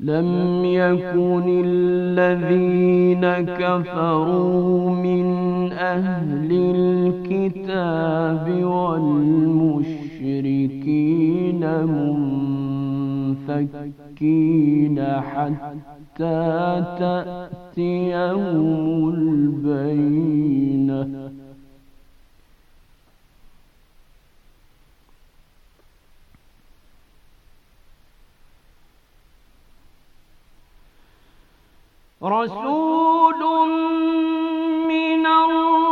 لم يكن الذين كفروا من أهل الكتاب والمشركين منفكين حتى تأتيهم البينة رسول من الله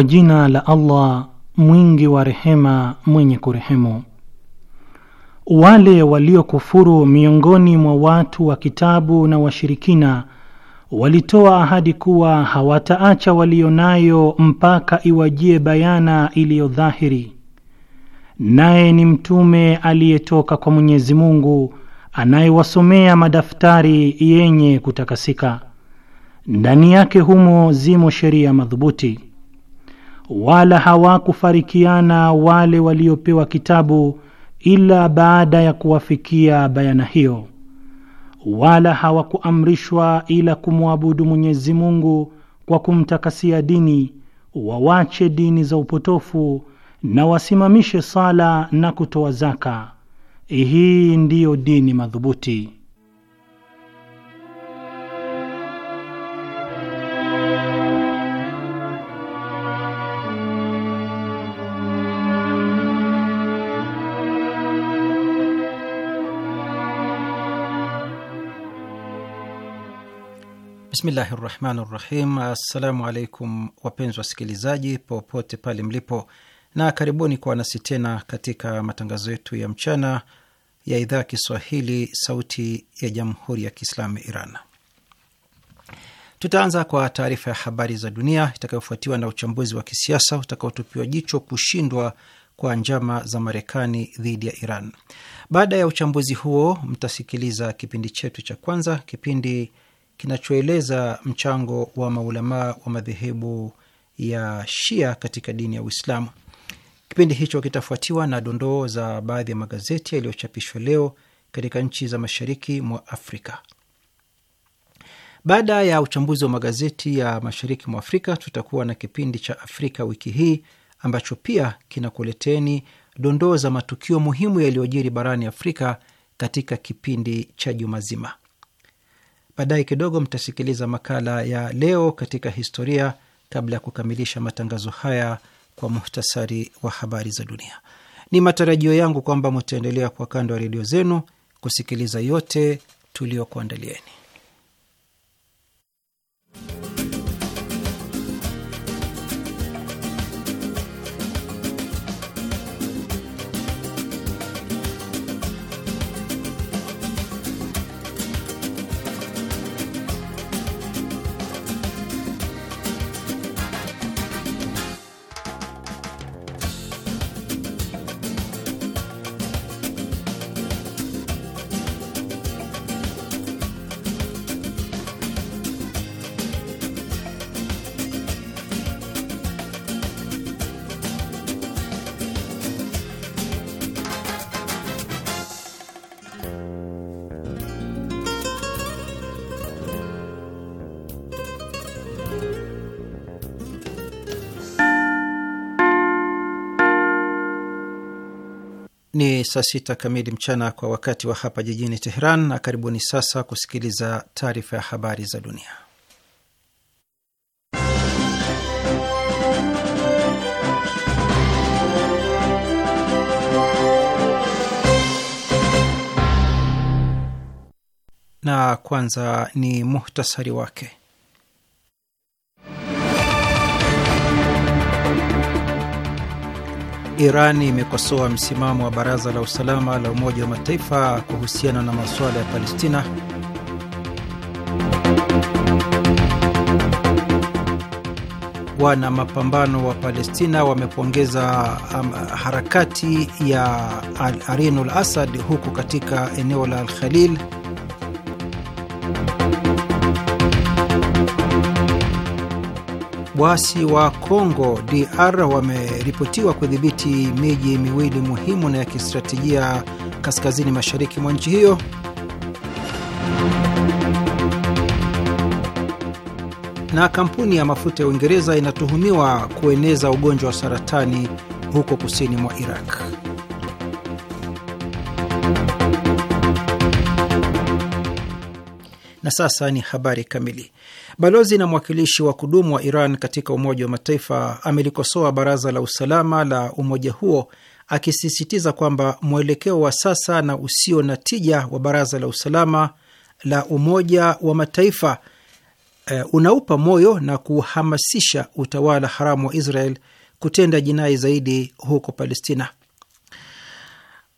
Kwa jina la Allah mwingi wa rehema mwenye kurehemu. Wale waliokufuru miongoni mwa watu wa kitabu na washirikina walitoa ahadi kuwa hawataacha walionayo mpaka iwajie bayana iliyo dhahiri, naye ni mtume aliyetoka kwa Mwenyezi Mungu anayewasomea madaftari yenye kutakasika, ndani yake humo zimo sheria madhubuti wala hawakufarikiana wale waliopewa kitabu ila baada ya kuwafikia bayana hiyo, wala hawakuamrishwa ila kumwabudu Mwenyezi Mungu kwa kumtakasia dini, wawache dini za upotofu na wasimamishe sala na kutoa zaka. Hii ndiyo dini madhubuti. Bismillahi rahmani rahim. Assalamu alaikum wapenzi wasikilizaji popote pale mlipo, na karibuni kwa wanasi tena katika matangazo yetu ya mchana ya idhaa ya Kiswahili sauti ya jamhuri ya Kiislamu ya Iran. Tutaanza kwa taarifa ya habari za dunia itakayofuatiwa na uchambuzi wa kisiasa utakaotupiwa jicho kushindwa kwa njama za Marekani dhidi ya Iran. Baada ya uchambuzi huo, mtasikiliza kipindi chetu cha kwanza, kipindi kinachoeleza mchango wa maulamaa wa madhehebu ya Shia katika dini ya Uislamu. Kipindi hicho kitafuatiwa na dondoo za baadhi ya magazeti yaliyochapishwa leo katika nchi za mashariki mwa Afrika. Baada ya uchambuzi wa magazeti ya mashariki mwa Afrika, tutakuwa na kipindi cha Afrika wiki hii ambacho pia kinakuleteni dondoo za matukio muhimu yaliyojiri barani Afrika katika kipindi cha juma zima. Baadaye kidogo mtasikiliza makala ya leo katika historia, kabla ya kukamilisha matangazo haya kwa muhtasari wa habari za dunia. Ni matarajio yangu kwamba mtaendelea kwa kando ya redio zenu kusikiliza yote tuliokuandalieni saa sita kamili mchana kwa wakati wa hapa jijini Teheran, na karibuni sasa kusikiliza taarifa ya habari za dunia. Na kwanza ni muhtasari wake. Iran imekosoa msimamo wa Baraza la Usalama la Umoja wa Mataifa kuhusiana na masuala ya Palestina. Wana mapambano wa Palestina wamepongeza um, harakati ya Arinul Asad huku katika eneo la Al Khalil Waasi wa congo DR wameripotiwa kudhibiti miji miwili muhimu na ya kistratejia kaskazini mashariki mwa nchi hiyo. Na kampuni ya mafuta ya Uingereza inatuhumiwa kueneza ugonjwa wa saratani huko kusini mwa Iraq. Na sasa ni habari kamili. Balozi na mwakilishi wa kudumu wa Iran katika Umoja wa Mataifa amelikosoa Baraza la Usalama la umoja huo akisisitiza kwamba mwelekeo wa sasa na usio na tija wa Baraza la Usalama la Umoja wa Mataifa e, unaupa moyo na kuhamasisha utawala haramu wa Israel kutenda jinai zaidi huko Palestina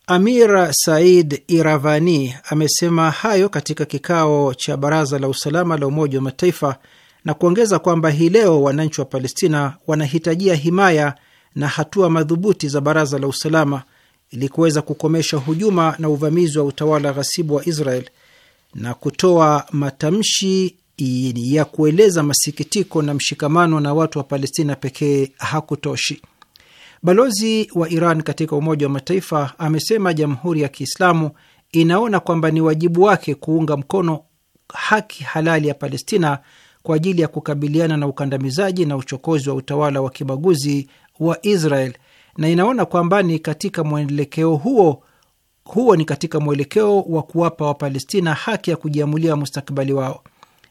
amira Said Iravani amesema hayo katika kikao cha Baraza la Usalama la Umoja wa Mataifa na kuongeza kwamba hii leo wananchi wa Palestina wanahitajia himaya na hatua madhubuti za Baraza la Usalama ili kuweza kukomesha hujuma na uvamizi wa utawala ghasibu wa Israel na kutoa matamshi ya kueleza masikitiko na mshikamano na watu wa Palestina pekee hakutoshi. Balozi wa Iran katika Umoja wa Mataifa amesema Jamhuri ya Kiislamu inaona kwamba ni wajibu wake kuunga mkono haki halali ya Palestina kwa ajili ya kukabiliana na ukandamizaji na uchokozi wa utawala wa kibaguzi wa Israel na inaona kwamba ni katika mwelekeo huo huo ni katika mwelekeo wa kuwapa Wapalestina haki ya kujiamulia mustakabali wao.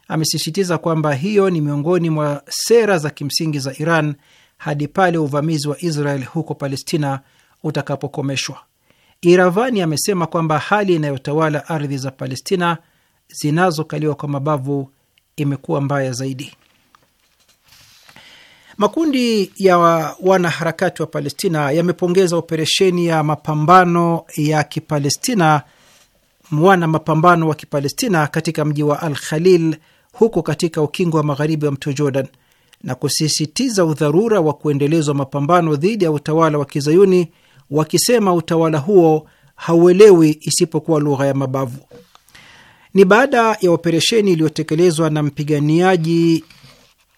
Amesisitiza kwamba hiyo ni miongoni mwa sera za kimsingi za Iran hadi pale uvamizi wa Israel huko Palestina utakapokomeshwa. Iravani amesema kwamba hali inayotawala ardhi za Palestina zinazokaliwa kwa mabavu imekuwa mbaya zaidi. Makundi ya wanaharakati wa Palestina yamepongeza operesheni ya mapambano ya Kipalestina, mwana mapambano wa Kipalestina katika mji wa Al Khalil huko katika ukingo wa magharibi wa mto Jordan na kusisitiza udharura wa kuendelezwa mapambano dhidi ya utawala wa Kizayuni, wakisema utawala huo hauelewi isipokuwa lugha ya mabavu. Ni baada ya operesheni iliyotekelezwa na mpiganiaji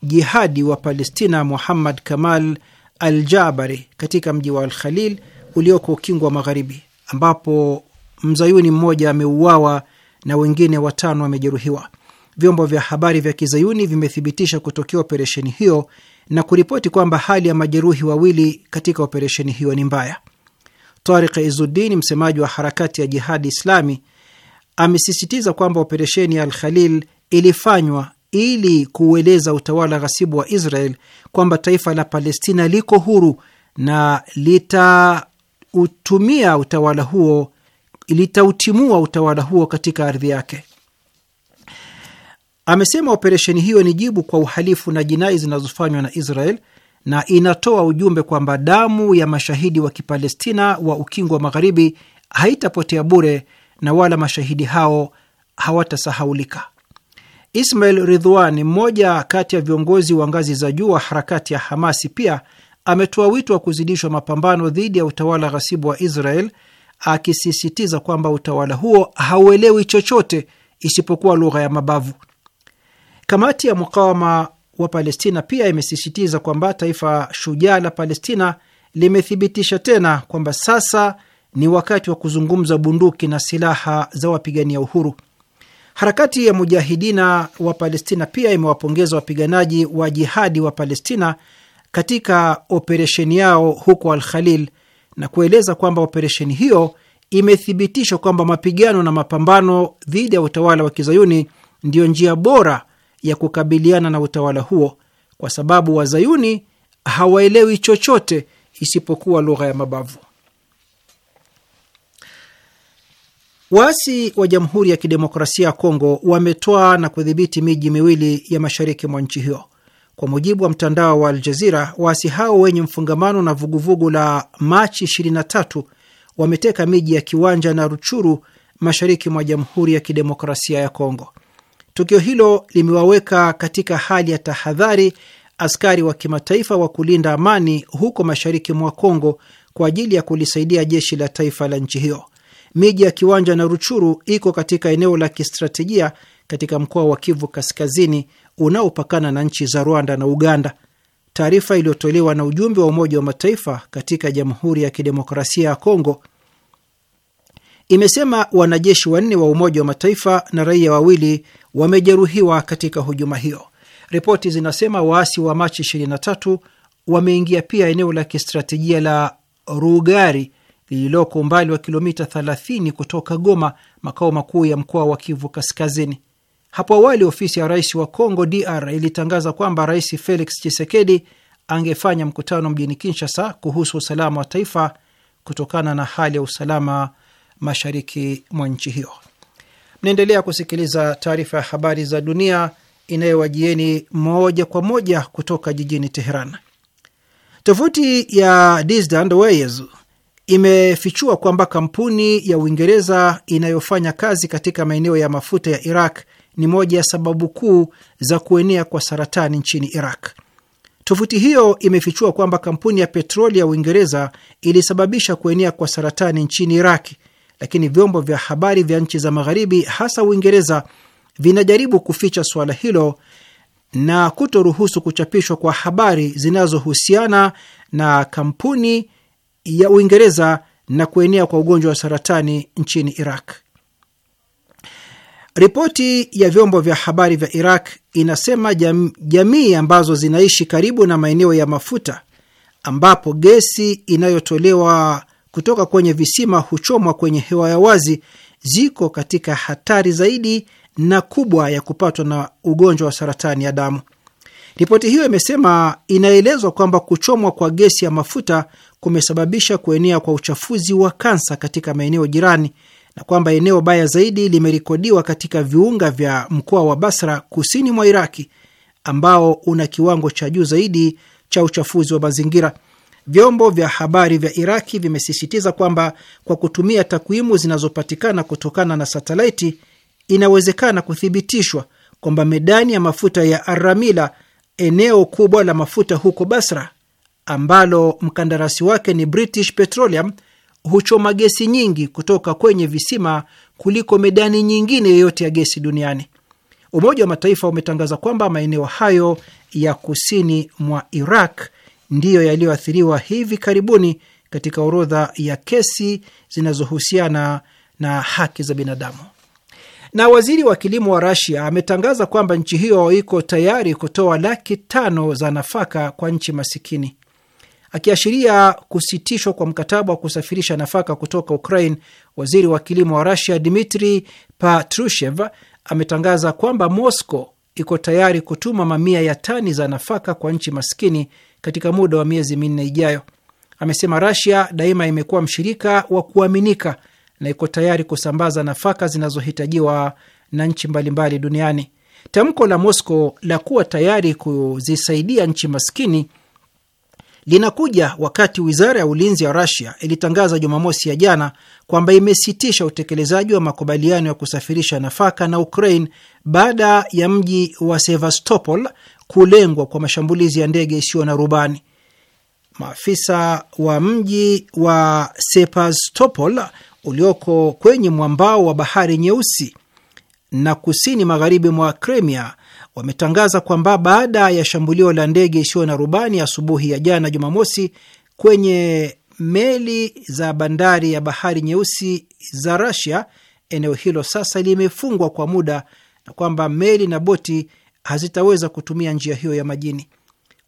jihadi wa Palestina Muhammad Kamal Al-Jabari katika mji wa alkhalil ulioko Ukingwa Magharibi, ambapo mzayuni mmoja ameuawa na wengine watano wamejeruhiwa. Vyombo vya habari vya kizayuni vimethibitisha kutokea operesheni hiyo na kuripoti kwamba hali ya majeruhi wawili katika operesheni hiyo ni mbaya. Tariq Izuddin, msemaji wa harakati ya Jihadi Islami, amesisitiza kwamba operesheni ya Al-Khalil ilifanywa ili kuueleza utawala ghasibu wa Israel kwamba taifa la Palestina liko huru na litautumia utawala huo, litautimua utawala huo katika ardhi yake. Amesema operesheni hiyo ni jibu kwa uhalifu na jinai zinazofanywa na Israel na inatoa ujumbe kwamba damu ya mashahidi wa Kipalestina wa Ukingo wa Magharibi haitapotea bure na wala mashahidi hao hawatasahaulika. Ismail Ridhwan, mmoja kati ya viongozi wa ngazi za juu wa harakati ya Hamasi, pia ametoa wito wa kuzidishwa mapambano dhidi ya utawala ghasibu wa Israel, akisisitiza kwamba utawala huo hauelewi chochote isipokuwa lugha ya mabavu. Kamati ya mukawama wa Palestina pia imesisitiza kwamba taifa shujaa la Palestina limethibitisha tena kwamba sasa ni wakati wa kuzungumza bunduki na silaha za wapigania uhuru. Harakati ya mujahidina wa Palestina pia imewapongeza wapiganaji wa jihadi wa Palestina katika operesheni yao huko Al Khalil na kueleza kwamba operesheni hiyo imethibitisha kwamba mapigano na mapambano dhidi ya utawala wa kizayuni ndiyo njia bora ya kukabiliana na utawala huo, kwa sababu wazayuni hawaelewi chochote isipokuwa lugha ya mabavu. Waasi wa Jamhuri ya Kidemokrasia ya Kongo wametoa na kudhibiti miji miwili ya mashariki mwa nchi hiyo. Kwa mujibu wa mtandao wa Aljazira, waasi hao wenye mfungamano na vuguvugu la Machi 23 wameteka miji ya Kiwanja na Ruchuru mashariki mwa Jamhuri ya Kidemokrasia ya Kongo. Tukio hilo limewaweka katika hali ya tahadhari askari wa kimataifa wa kulinda amani huko mashariki mwa Kongo kwa ajili ya kulisaidia jeshi la taifa la nchi hiyo. Miji ya Kiwanja na Ruchuru iko katika eneo la kistratejia katika mkoa wa Kivu Kaskazini unaopakana na nchi za Rwanda na Uganda. Taarifa iliyotolewa na ujumbe wa Umoja wa Mataifa katika Jamhuri ya Kidemokrasia ya Kongo imesema wanajeshi wanne wa Umoja wa Mataifa na raia wawili wamejeruhiwa katika hujuma hiyo. Ripoti zinasema waasi wa Machi 23 wameingia pia eneo la kistratejia la Rugari lililoko umbali wa kilomita 30 kutoka Goma, makao makuu ya mkoa wa Kivu Kaskazini. Hapo awali ofisi ya rais wa Congo DR ilitangaza kwamba Rais Felix Tshisekedi angefanya mkutano mjini Kinshasa kuhusu usalama wa taifa kutokana na hali ya usalama mashariki mwa nchi hiyo. Mnaendelea kusikiliza taarifa ya habari za dunia inayowajieni moja kwa moja kutoka jijini Teheran. Tovuti ya Disneyland imefichua kwamba kampuni ya Uingereza inayofanya kazi katika maeneo ya mafuta ya Iraq ni moja ya sababu kuu za kuenea kwa saratani nchini Iraq. Tovuti hiyo imefichua kwamba kampuni ya petroli ya Uingereza ilisababisha kuenea kwa saratani nchini Iraki lakini vyombo vya habari vya nchi za Magharibi, hasa Uingereza, vinajaribu kuficha suala hilo na kutoruhusu kuchapishwa kwa habari zinazohusiana na kampuni ya Uingereza na kuenea kwa ugonjwa wa saratani nchini Iraq. Ripoti ya vyombo vya habari vya Iraq inasema jam, jamii ambazo zinaishi karibu na maeneo ya mafuta ambapo gesi inayotolewa kutoka kwenye visima huchomwa kwenye hewa ya wazi ziko katika hatari zaidi na kubwa ya kupatwa na ugonjwa wa saratani ya damu. Ripoti hiyo imesema inaelezwa kwamba kuchomwa kwa gesi ya mafuta kumesababisha kuenea kwa uchafuzi wa kansa katika maeneo jirani na kwamba eneo baya zaidi limerekodiwa katika viunga vya mkoa wa Basra kusini mwa Iraki ambao una kiwango cha juu zaidi cha uchafuzi wa mazingira. Vyombo vya habari vya Iraki vimesisitiza kwamba kwa kutumia takwimu zinazopatikana kutokana na satelaiti inawezekana kuthibitishwa kwamba medani ya mafuta ya Aramila, eneo kubwa la mafuta huko Basra ambalo mkandarasi wake ni British Petroleum, huchoma gesi nyingi kutoka kwenye visima kuliko medani nyingine yoyote ya gesi duniani. Umoja wa Mataifa umetangaza kwamba maeneo hayo ya kusini mwa Iraq ndiyo yaliyoathiriwa hivi karibuni katika orodha ya kesi zinazohusiana na haki za binadamu. Na waziri wa kilimo wa Rasia ametangaza kwamba nchi hiyo iko tayari kutoa laki tano za nafaka kwa nchi masikini, akiashiria kusitishwa kwa mkataba wa kusafirisha nafaka kutoka Ukraine. Waziri wa kilimo wa Rasia Dmitri Patrushev ametangaza kwamba Moscow iko tayari kutuma mamia ya tani za nafaka kwa nchi masikini katika muda wa miezi minne ijayo. Amesema Rasia daima imekuwa mshirika wa kuaminika na iko tayari kusambaza nafaka zinazohitajiwa na nchi mbalimbali duniani. Tamko la Moscow la kuwa tayari kuzisaidia nchi maskini linakuja wakati wizara ya ulinzi ya Rasia ilitangaza Jumamosi ya jana kwamba imesitisha utekelezaji wa makubaliano ya kusafirisha nafaka na Ukraine baada ya mji wa Sevastopol kulengwa kwa mashambulizi ya ndege isiyo na rubani. Maafisa wa mji wa Sepastopol ulioko kwenye mwambao wa bahari Nyeusi na kusini magharibi mwa Crimea wametangaza kwamba baada ya shambulio la ndege isiyo na rubani asubuhi ya jana Jumamosi kwenye meli za bandari ya bahari Nyeusi za Russia, eneo hilo sasa limefungwa kwa muda na kwamba meli na boti hazitaweza kutumia njia hiyo ya majini.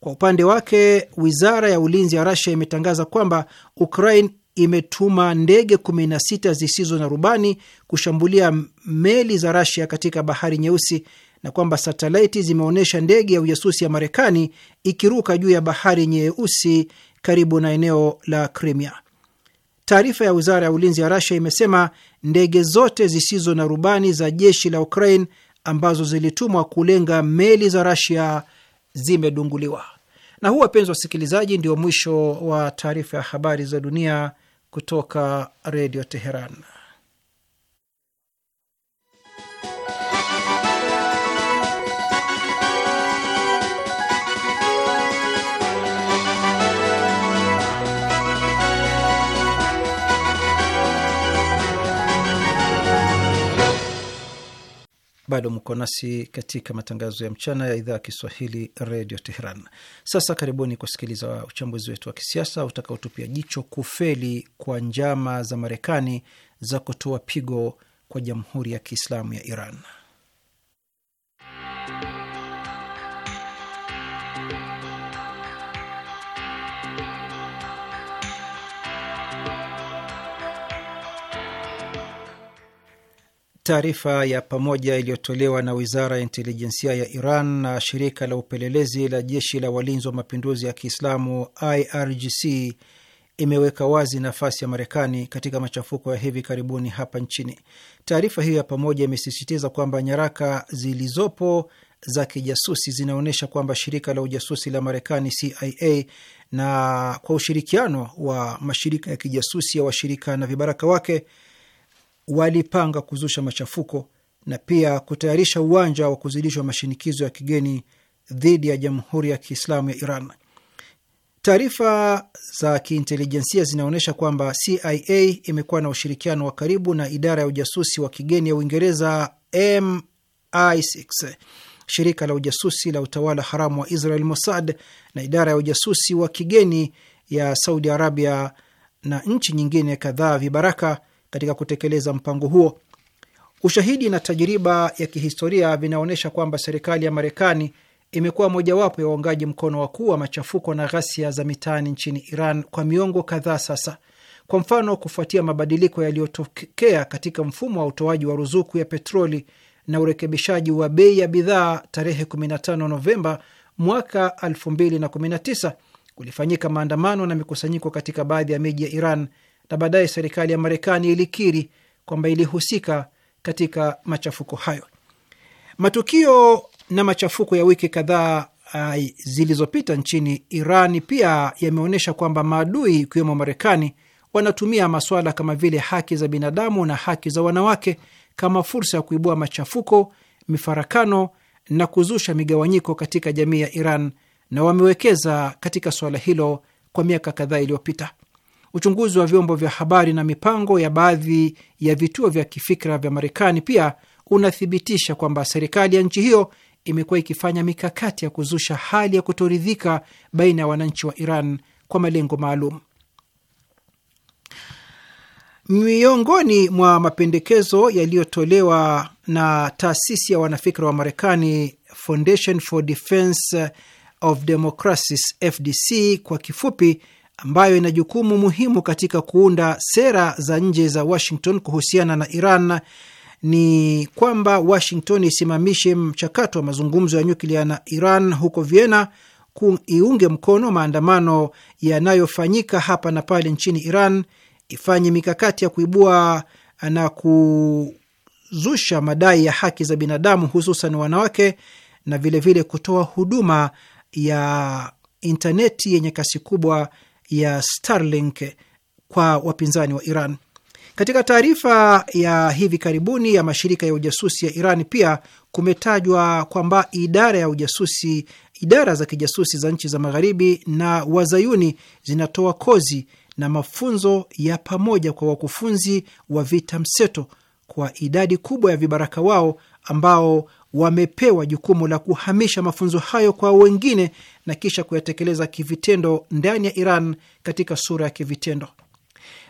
Kwa upande wake, wizara ya ulinzi ya rasia imetangaza kwamba Ukraine imetuma ndege 16 zisizo na rubani kushambulia meli za rasia katika bahari Nyeusi na kwamba satelaiti zimeonyesha ndege ya ujasusi ya Marekani ikiruka juu ya bahari Nyeusi karibu na eneo la Crimea. Taarifa ya wizara ya ulinzi ya rasia imesema ndege zote zisizo na rubani za jeshi la Ukraine ambazo zilitumwa kulenga meli za Rasia zimedunguliwa. Na huu, wapenzi wasikilizaji, ndio mwisho wa taarifa ya habari za dunia kutoka Redio Teheran. Bado mko nasi katika matangazo ya mchana ya idhaa ya Kiswahili redio Teheran. Sasa karibuni kusikiliza uchambuzi wetu wa kisiasa utakaotupia jicho kufeli kwa njama za Marekani za kutoa pigo kwa jamhuri ya Kiislamu ya Iran. Taarifa ya pamoja iliyotolewa na wizara ya intelijensia ya Iran na shirika la upelelezi la jeshi la walinzi wa mapinduzi ya Kiislamu IRGC imeweka wazi nafasi ya Marekani katika machafuko ya hivi karibuni hapa nchini. Taarifa hiyo ya pamoja imesisitiza kwamba nyaraka zilizopo za kijasusi zinaonyesha kwamba shirika la ujasusi la Marekani CIA na kwa ushirikiano wa mashirika ya kijasusi ya washirika na vibaraka wake walipanga kuzusha machafuko na pia kutayarisha uwanja wa kuzidishwa mashinikizo ya kigeni dhidi ya Jamhuri ya Kiislamu ya Iran. Taarifa za kiintelijensia zinaonyesha kwamba CIA imekuwa na ushirikiano wa karibu na idara ya ujasusi wa kigeni ya Uingereza MI6, shirika la ujasusi la utawala haramu wa Israel Mossad, na idara ya ujasusi wa kigeni ya Saudi Arabia na nchi nyingine kadhaa vibaraka katika kutekeleza mpango huo. Ushahidi na tajiriba ya kihistoria vinaonyesha kwamba serikali ya Marekani imekuwa mojawapo ya waungaji mkono wakuu wa machafuko na ghasia za mitaani nchini Iran kwa miongo kadhaa sasa. Kwa mfano, kufuatia mabadiliko yaliyotokea katika mfumo wa utoaji wa ruzuku ya petroli na urekebishaji wa bei ya bidhaa tarehe 15 Novemba mwaka 2019 kulifanyika maandamano na mikusanyiko katika baadhi ya miji ya Iran na baadaye serikali ya Marekani ilikiri kwamba ilihusika katika machafuko hayo. Matukio na machafuko ya wiki kadhaa ah, zilizopita nchini Iran pia yameonyesha kwamba maadui ikiwemo Marekani wanatumia masuala kama vile haki za binadamu na haki za wanawake kama fursa ya kuibua machafuko, mifarakano na kuzusha migawanyiko katika jamii ya Iran, na wamewekeza katika suala hilo kwa miaka kadhaa iliyopita. Uchunguzi wa vyombo vya habari na mipango ya baadhi ya vituo vya kifikra vya Marekani pia unathibitisha kwamba serikali ya nchi hiyo imekuwa ikifanya mikakati ya kuzusha hali ya kutoridhika baina ya wananchi wa Iran kwa malengo maalum. Miongoni mwa mapendekezo yaliyotolewa na taasisi ya wanafikra wa Marekani, Foundation for Defense of Democracies, FDC kwa kifupi, ambayo ina jukumu muhimu katika kuunda sera za nje za Washington kuhusiana na Iran ni kwamba Washington isimamishe mchakato wa mazungumzo ya nyuklia na Iran huko Vienna, iunge mkono maandamano yanayofanyika hapa na pale nchini Iran, ifanye mikakati ya kuibua na kuzusha madai ya haki za binadamu, hususan wanawake, na vilevile kutoa huduma ya intaneti yenye kasi kubwa ya Starlink kwa wapinzani wa Iran. Katika taarifa ya hivi karibuni ya mashirika ya ujasusi ya Iran pia kumetajwa kwamba idara ya ujasusi, idara za kijasusi za nchi za magharibi na wazayuni zinatoa kozi na mafunzo ya pamoja kwa wakufunzi wa vita mseto kwa idadi kubwa ya vibaraka wao ambao wamepewa jukumu la kuhamisha mafunzo hayo kwa wengine na kisha kuyatekeleza kivitendo ndani ya Iran katika sura ya kivitendo.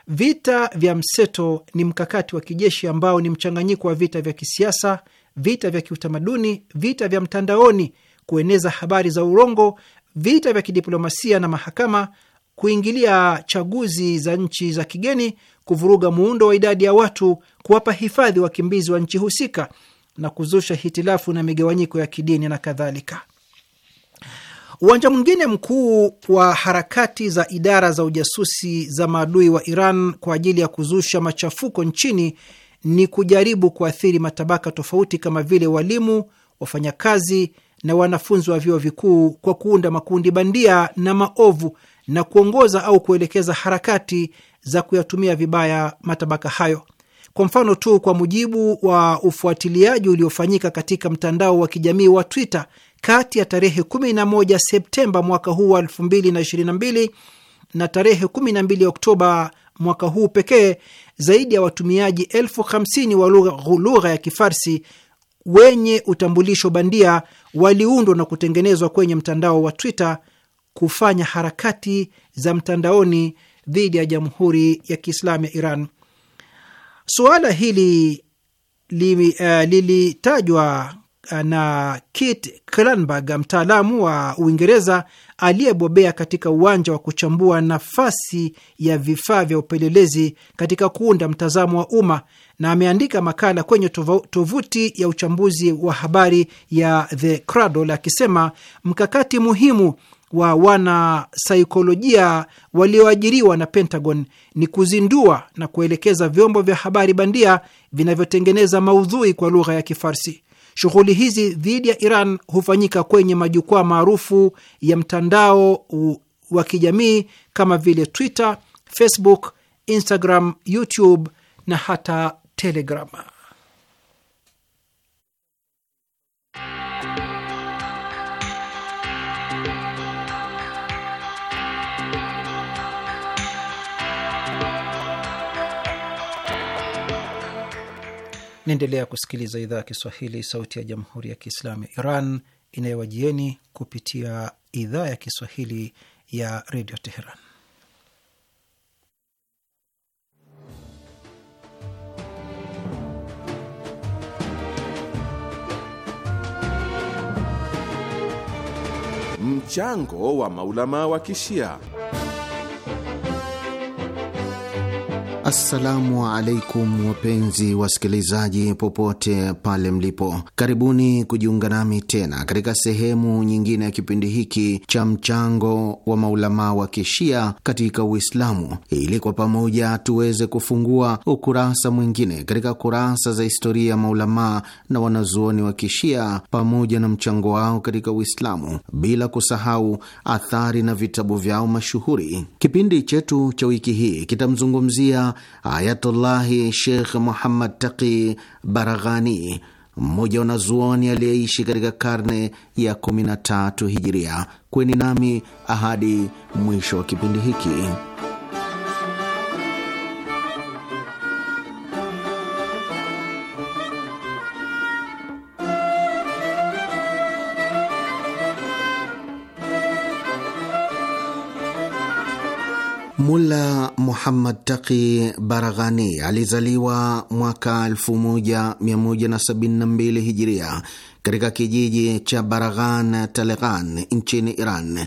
Vita vya mseto ni mkakati wa kijeshi ambao ni mchanganyiko wa vita vya kisiasa, vita vya kiutamaduni, vita vya mtandaoni, kueneza habari za urongo, vita vya kidiplomasia na mahakama, kuingilia chaguzi za nchi za kigeni, kuvuruga muundo wa idadi ya watu, kuwapa hifadhi wakimbizi wa nchi husika na kuzusha hitilafu na migawanyiko ya kidini na kadhalika. Uwanja mwingine mkuu wa harakati za idara za ujasusi za maadui wa Iran kwa ajili ya kuzusha machafuko nchini ni kujaribu kuathiri matabaka tofauti kama vile walimu, wafanyakazi na wanafunzi wa vyuo vikuu kwa kuunda makundi bandia na maovu na kuongoza au kuelekeza harakati za kuyatumia vibaya matabaka hayo. Kwa mfano tu, kwa mujibu wa ufuatiliaji uliofanyika katika mtandao wa kijamii wa Twitter kati ya tarehe 11 Septemba mwaka huu wa 2022 na tarehe 12 Oktoba mwaka huu pekee, zaidi ya watumiaji elfu hamsini wa lugha ya Kifarsi wenye utambulisho bandia waliundwa na kutengenezwa kwenye mtandao wa Twitter kufanya harakati za mtandaoni dhidi ya Jamhuri ya Kiislamu ya Iran. Suala hili eh, lilitajwa uh, na Kit Kranberg, mtaalamu wa Uingereza aliyebobea katika uwanja wa kuchambua nafasi ya vifaa vya upelelezi katika kuunda mtazamo wa umma, na ameandika makala kwenye tovuti ya uchambuzi wa habari ya The Cradle akisema mkakati muhimu wa wanasaikolojia walioajiriwa na Pentagon ni kuzindua na kuelekeza vyombo vya habari bandia vinavyotengeneza maudhui kwa lugha ya Kifarsi. Shughuli hizi dhidi ya Iran hufanyika kwenye majukwaa maarufu ya mtandao wa kijamii kama vile Twitter, Facebook, Instagram, YouTube na hata Telegram. Naendelea kusikiliza idhaa ya Kiswahili, sauti ya jamhuri ya kiislamu ya Iran inayowajieni kupitia idhaa ya Kiswahili ya redio Teheran. Mchango wa maulama wa kishia Assalamu alaikum wapenzi wasikilizaji, popote pale mlipo, karibuni kujiunga nami tena katika sehemu nyingine ya kipindi hiki cha mchango wa maulamaa wa kishia katika Uislamu, ili kwa pamoja tuweze kufungua ukurasa mwingine katika kurasa za historia ya maulamaa na wanazuoni wa kishia pamoja na mchango wao katika Uislamu, bila kusahau athari na vitabu vyao mashuhuri. Kipindi chetu cha wiki hii kitamzungumzia Ayatullahi Sheikh Muhammad Taqi Baraghani, mmoja wanazuoni aliyeishi katika karne ya 13 Hijiria. Kweni nami ahadi mwisho wa kipindi hiki. Mulla Muhammad Taqi Baraghani alizaliwa mwaka 1172 Hijiria katika kijiji cha Baraghan, Taleghan nchini Iran.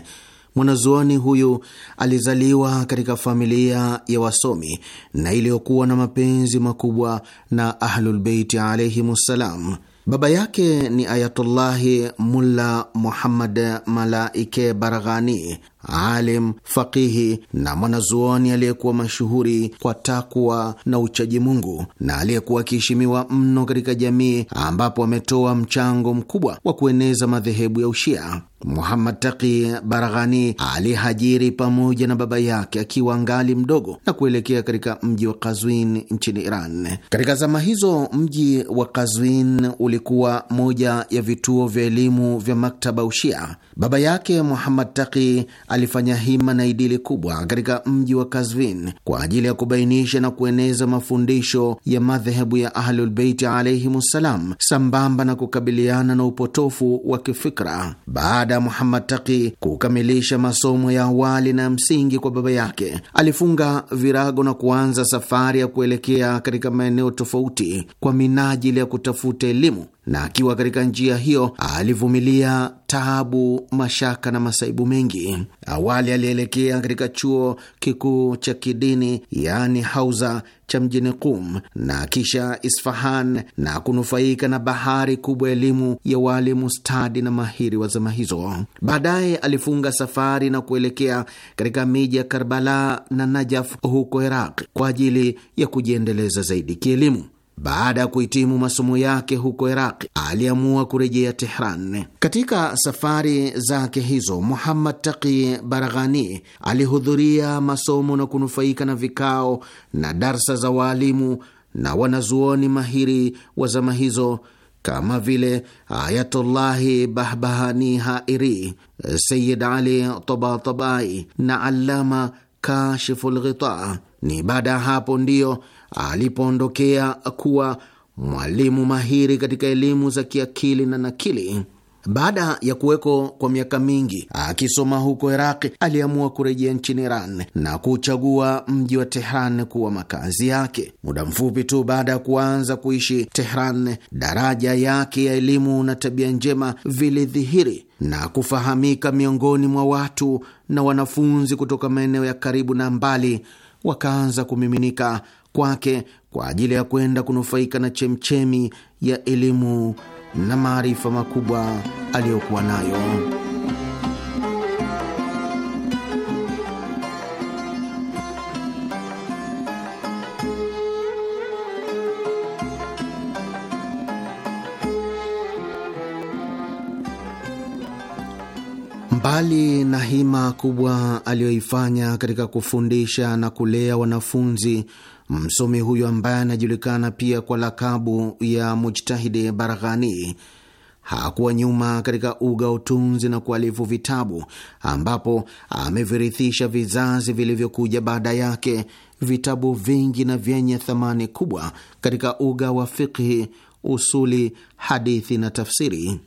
Mwanazuoni huyu alizaliwa katika familia ya wasomi na iliyokuwa na mapenzi makubwa na Ahlulbeiti alaihimussalam. Baba yake ni Ayatullahi Mulla Muhammad Malaike Baraghani alim, fakihi na mwanazuoni aliyekuwa mashuhuri kwa takwa na uchaji Mungu na aliyekuwa akiheshimiwa mno katika jamii ambapo ametoa mchango mkubwa wa kueneza madhehebu ya Ushia. Muhammad Taqi Baraghani alihajiri pamoja na baba yake akiwa ngali mdogo na kuelekea katika mji wa Kazwin nchini Iran. Katika zama hizo, mji wa Kazwin ulikuwa moja ya vituo vya elimu vya maktaba Ushia. Baba yake Muhammad Taqi alifanya hima na idili kubwa katika mji wa Kazvin kwa ajili ya kubainisha na kueneza mafundisho ya madhehebu ya Ahlulbeiti alaihimussalam, sambamba na kukabiliana na upotofu wa kifikra. Baada ya Muhammad taki kukamilisha masomo ya awali na msingi kwa baba yake, alifunga virago na kuanza safari ya kuelekea katika maeneo tofauti kwa minajili ya kutafuta elimu na akiwa katika njia hiyo alivumilia taabu, mashaka na masaibu mengi. Awali alielekea katika chuo kikuu cha kidini yaani hauza cha mjini Qum na kisha Isfahan na kunufaika na bahari kubwa ya elimu ya waalimu stadi na mahiri wa zama hizo. Baadaye alifunga safari na kuelekea katika miji ya Karbala na Najaf huko Iraq kwa ajili ya kujiendeleza zaidi kielimu. Baada ya kuhitimu masomo yake huko Iraqi, aliamua kurejea Tehran. Katika safari zake hizo, Muhammad Taqi Baraghani alihudhuria masomo na kunufaika na vikao na darsa za waalimu na wanazuoni mahiri wa zama hizo kama vile Ayatullahi Bahbahani Hairi, Sayid Ali Tabatabai na Allama kashifulghita Ni baada ya hapo ndiyo alipoondokea kuwa mwalimu mahiri katika elimu za kiakili na nakili. Baada ya kuweko kwa miaka mingi akisoma huko Iraqi, aliamua kurejea nchini Iran na kuchagua mji wa Tehran kuwa makazi yake. Muda mfupi tu baada ya kuanza kuishi Tehran, daraja yake ya elimu na tabia njema vilidhihiri na kufahamika miongoni mwa watu na wanafunzi kutoka maeneo ya karibu na mbali, wakaanza kumiminika kwake kwa ajili ya kwenda kunufaika na chemchemi ya elimu na maarifa makubwa aliyokuwa nayo. Mbali na hima kubwa aliyoifanya katika kufundisha na kulea wanafunzi Msomi huyo ambaye anajulikana pia kwa lakabu ya Mujtahidi Barghani hakuwa nyuma katika uga utunzi na kualifu vitabu ambapo amevirithisha vizazi vilivyokuja baada yake vitabu vingi na vyenye thamani kubwa katika uga wa fikhi, usuli, hadithi na tafsiri.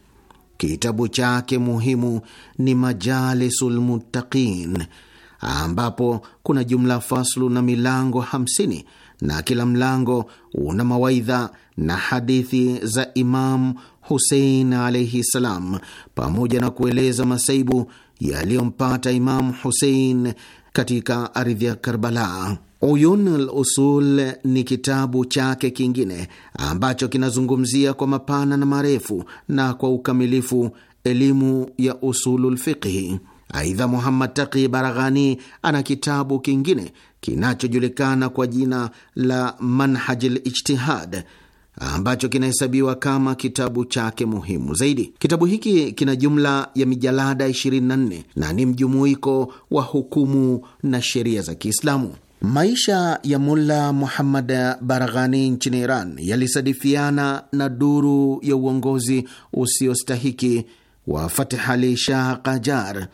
Kitabu chake muhimu ni Majalisul Muttaqin ambapo kuna jumla faslu na milango hamsini na kila mlango una mawaidha na hadithi za Imamu Husein alaihi ssalam pamoja na kueleza masaibu yaliyompata Imamu Husein katika ardhi ya Karbala. Uyun al-Usul ni kitabu chake kingine ambacho kinazungumzia kwa mapana na marefu na kwa ukamilifu elimu ya usulul fiqhi. Aidha, Muhammad Taqi Baraghani ana kitabu kingine kinachojulikana kwa jina la Manhaji Lijtihad ambacho kinahesabiwa kama kitabu chake muhimu zaidi. Kitabu hiki kina jumla ya mijalada 24 na ni mjumuiko wa hukumu na sheria za Kiislamu. Maisha ya Mulla Muhammad Baraghani nchini Iran yalisadifiana na duru ya uongozi usiostahiki wa Fatih Shah Kajar.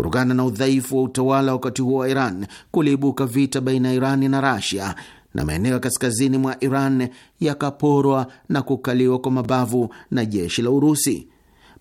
Kutokana na udhaifu wa utawala wakati huo wa Iran, kuliibuka vita baina ya Irani na Rasia na maeneo ya kaskazini mwa Iran yakaporwa na kukaliwa kwa mabavu na jeshi la Urusi.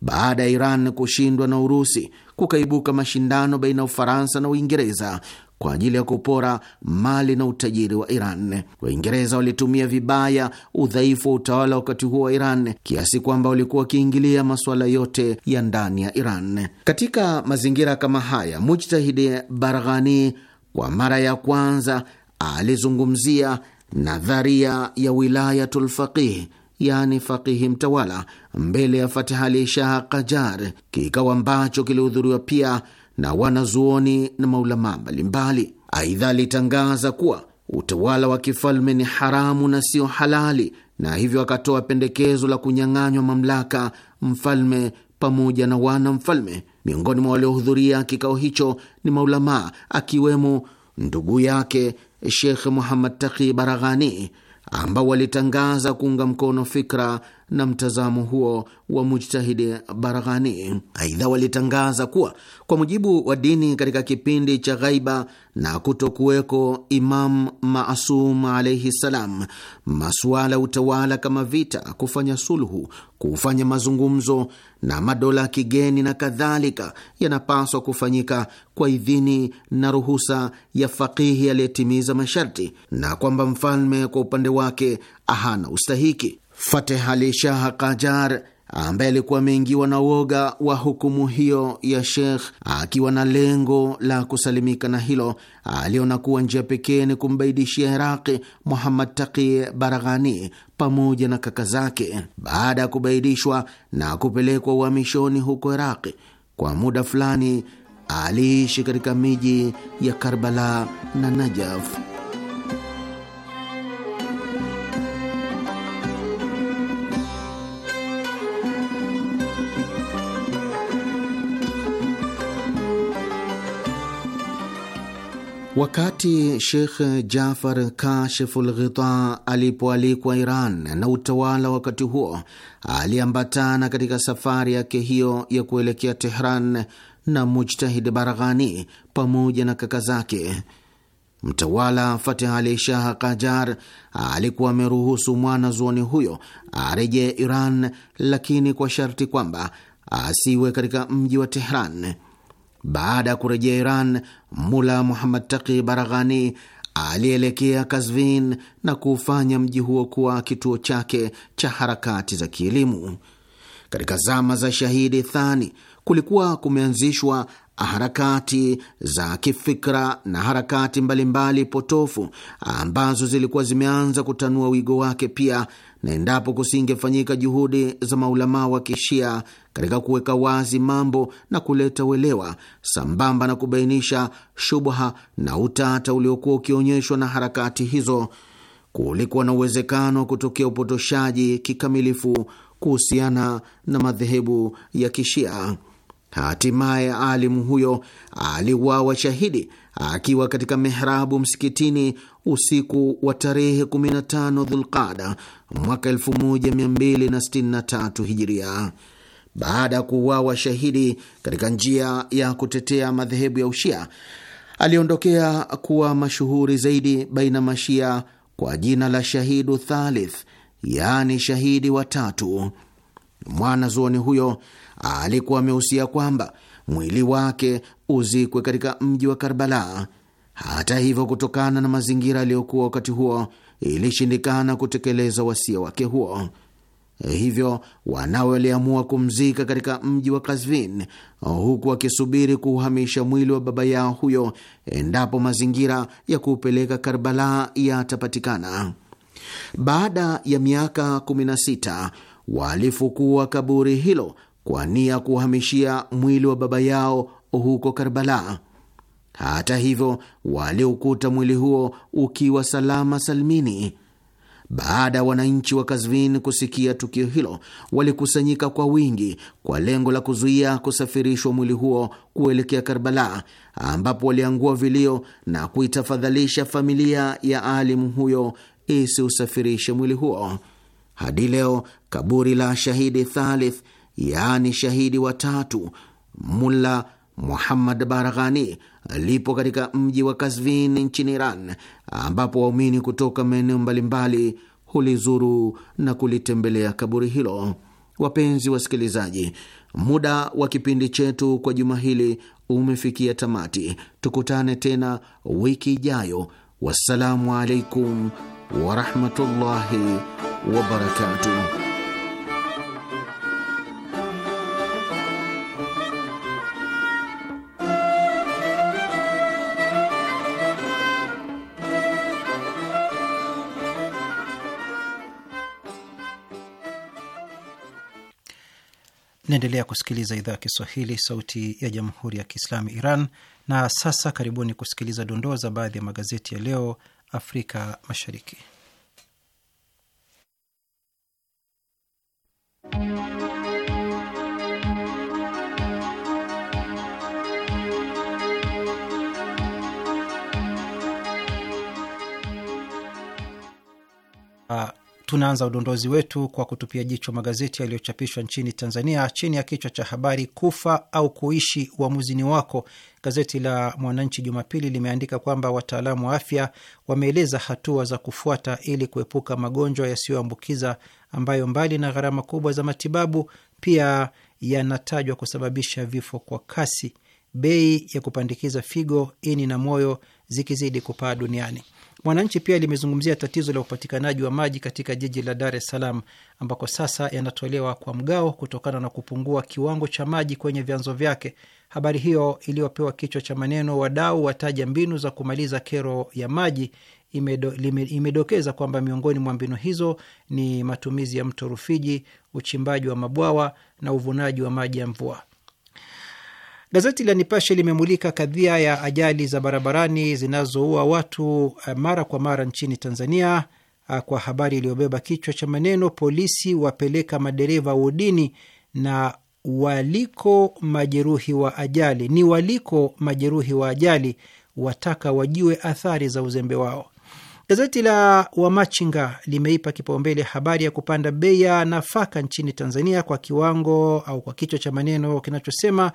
Baada ya Iran kushindwa na Urusi, kukaibuka mashindano baina ya Ufaransa na Uingereza kwa ajili ya kupora mali na utajiri wa Iran. Waingereza walitumia vibaya udhaifu wa utawala wakati huo wa Iran kiasi kwamba walikuwa wakiingilia masuala yote ya ndani ya Iran. Katika mazingira kama haya, mujtahidi Barghani kwa mara ya kwanza alizungumzia nadharia ya wilayatul faqih yaani faqihi mtawala mbele ya Fatihali Shah Kajar, kikao ambacho kilihudhuriwa pia na wanazuoni na maulamaa mbalimbali. Aidha, alitangaza kuwa utawala wa kifalme ni haramu na sio halali, na hivyo akatoa pendekezo la kunyang'anywa mamlaka mfalme pamoja na wana mfalme. Miongoni mwa waliohudhuria kikao hicho ni maulamaa akiwemo ndugu yake Shekh Muhammad Taqi Baraghani ambao walitangaza kuunga mkono fikra na mtazamo huo wa mujtahidi Baraghani. Aidha, walitangaza kuwa kwa mujibu wa dini, katika kipindi cha ghaiba na kutokuweko Imam masum alaihi ssalam, masuala ya utawala kama vita, kufanya sulhu, kufanya mazungumzo na madola ya kigeni na kadhalika, yanapaswa kufanyika kwa idhini na ruhusa ya fakihi aliyetimiza masharti, na kwamba mfalme kwa upande wake ahana ustahiki. Fateh Ali Shah Kajar ambaye alikuwa ameingiwa na woga wa hukumu hiyo ya Sheikh akiwa na lengo la kusalimika na hilo, aliona kuwa njia pekee ni kumbaidishia Iraqi Muhammad Taqi Baraghani pamoja na kaka zake. Baada ya kubaidishwa na kupelekwa uhamishoni huko Iraqi, kwa muda fulani aliishi katika miji ya Karbala na Najaf. Wakati Sheikh Jafar Kasheful Ghita alipoalikwa Iran na utawala wakati huo, aliambatana katika safari yake hiyo ya kuelekea Tehran na Mujtahid Baraghani pamoja na kaka zake. Mtawala Fatih Ali Shah Kajar alikuwa ameruhusu mwana zuoni huyo arejee Iran, lakini kwa sharti kwamba asiwe katika mji wa Tehran. Baada ya kurejea Iran, Mula Muhammad Taki Baraghani alielekea Kazvin na kuufanya mji huo kuwa kituo chake cha harakati za kielimu. Katika zama za Shahidi Thani kulikuwa kumeanzishwa harakati za kifikra na harakati mbalimbali mbali potofu ambazo zilikuwa zimeanza kutanua wigo wake pia na endapo kusingefanyika juhudi za maulamaa wa kishia katika kuweka wazi mambo na kuleta uelewa sambamba na kubainisha shubha na utata uliokuwa ukionyeshwa na harakati hizo, kulikuwa na uwezekano wa kutokea upotoshaji kikamilifu kuhusiana na madhehebu ya kishia. Hatimaye alimu huyo aliuawa shahidi akiwa katika mihrabu msikitini usiku wa tarehe 15 Dhulqada mwaka 1263 Hijiria, baada ya kuuawa shahidi katika njia ya kutetea madhehebu ya Ushia. Aliondokea kuwa mashuhuri zaidi baina mashia kwa jina la Shahidu Thalith, yaani shahidi watatu. Mwanazuoni huyo alikuwa amehusia kwamba mwili wake uzikwe katika mji wa Karbala. Hata hivyo, kutokana na mazingira aliyokuwa wakati huo, ilishindikana kutekeleza wasia wake huo. Hivyo wanawe waliamua kumzika katika mji wa Kasvin, huku wakisubiri kuuhamisha mwili wa baba yao huyo endapo mazingira ya kuupeleka Karbala yatapatikana. Baada ya miaka 16 walifukua kaburi hilo kwa nia kuuhamishia mwili wa baba yao huko Karbala. Hata hivyo, waliukuta mwili huo ukiwa salama salmini. Baada ya wananchi wa Kazvin kusikia tukio hilo, walikusanyika kwa wingi kwa lengo la kuzuia kusafirishwa mwili huo kuelekea Karbala, ambapo waliangua vilio na kuitafadhalisha familia ya alimu huyo isiusafirishe mwili huo. Hadi leo kaburi la shahidi Thalith yaani shahidi watatu Mulla Muhammad Baraghani lipo katika mji wa Kazvin nchini Iran, ambapo waumini kutoka maeneo mbalimbali hulizuru na kulitembelea kaburi hilo. Wapenzi wasikilizaji, muda wa kipindi chetu kwa juma hili umefikia tamati. Tukutane tena wiki ijayo. Wassalamu alaikum warahmatullahi wabarakatuh. Mnaendelea kusikiliza idhaa ya Kiswahili, sauti ya jamhuri ya kiislamu Iran. Na sasa karibuni kusikiliza dondoo za baadhi ya magazeti ya leo Afrika Mashariki. Tunaanza udondozi wetu kwa kutupia jicho magazeti yaliyochapishwa nchini Tanzania chini ya kichwa cha habari, kufa au kuishi uamuzini wako. Gazeti la Mwananchi Jumapili limeandika kwamba wataalamu wa afya wameeleza hatua za kufuata ili kuepuka magonjwa yasiyoambukiza ambayo mbali na gharama kubwa za matibabu pia yanatajwa kusababisha vifo kwa kasi, bei ya kupandikiza figo, ini na moyo zikizidi kupaa duniani. Mwananchi pia limezungumzia tatizo la upatikanaji wa maji katika jiji la Dar es Salaam ambako sasa yanatolewa kwa mgao kutokana na kupungua kiwango cha maji kwenye vyanzo vyake. Habari hiyo iliyopewa kichwa cha maneno wadau wataja mbinu za kumaliza kero ya maji imedo, lime, imedokeza kwamba miongoni mwa mbinu hizo ni matumizi ya mto Rufiji, uchimbaji wa mabwawa na uvunaji wa maji ya mvua. Gazeti la Nipashe limemulika kadhia ya ajali za barabarani zinazoua watu eh, mara kwa mara nchini Tanzania ah, kwa habari iliyobeba kichwa cha maneno polisi wapeleka madereva wodini na waliko majeruhi wa ajali ni waliko majeruhi wa ajali wataka wajue athari za uzembe wao. Gazeti la Wamachinga limeipa kipaumbele habari ya kupanda bei ya nafaka nchini Tanzania kwa kiwango au kwa kichwa cha maneno kinachosema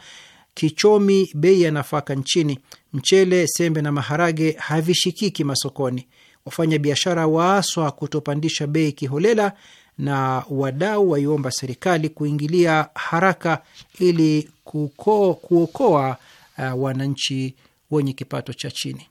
kichomi bei ya nafaka nchini. Mchele, sembe na maharage havishikiki masokoni. Wafanya biashara waaswa kutopandisha bei kiholela, na wadau waiomba serikali kuingilia haraka ili kuko, kuokoa uh, wananchi wenye kipato cha chini.